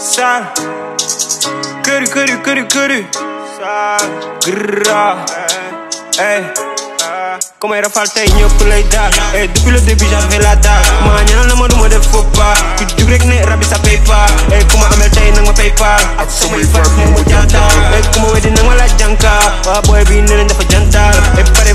Sal Goody, goody, goody, goody Sal Grrra Hey, eh, eh. Como era falteño por play edad Ey, depuis le début j'avais la dalle ah, Mañana la mode mode faut pas Tu dures que ne rabi paypal Ey, como amel tay nang ma paypal como wedi nang ma la boy bi nene dafa jantal eh, pare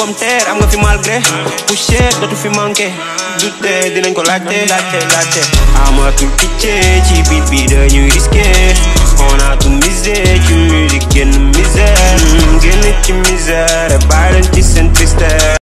comme terre am nga fi malgré bu cher dootu fi manqué du tee dinañ ko laajte laajte laajte amatul picce ci you bi dañu risqué on a tout misé ci musique génn misère génn ci misère bàyyi leen ci seen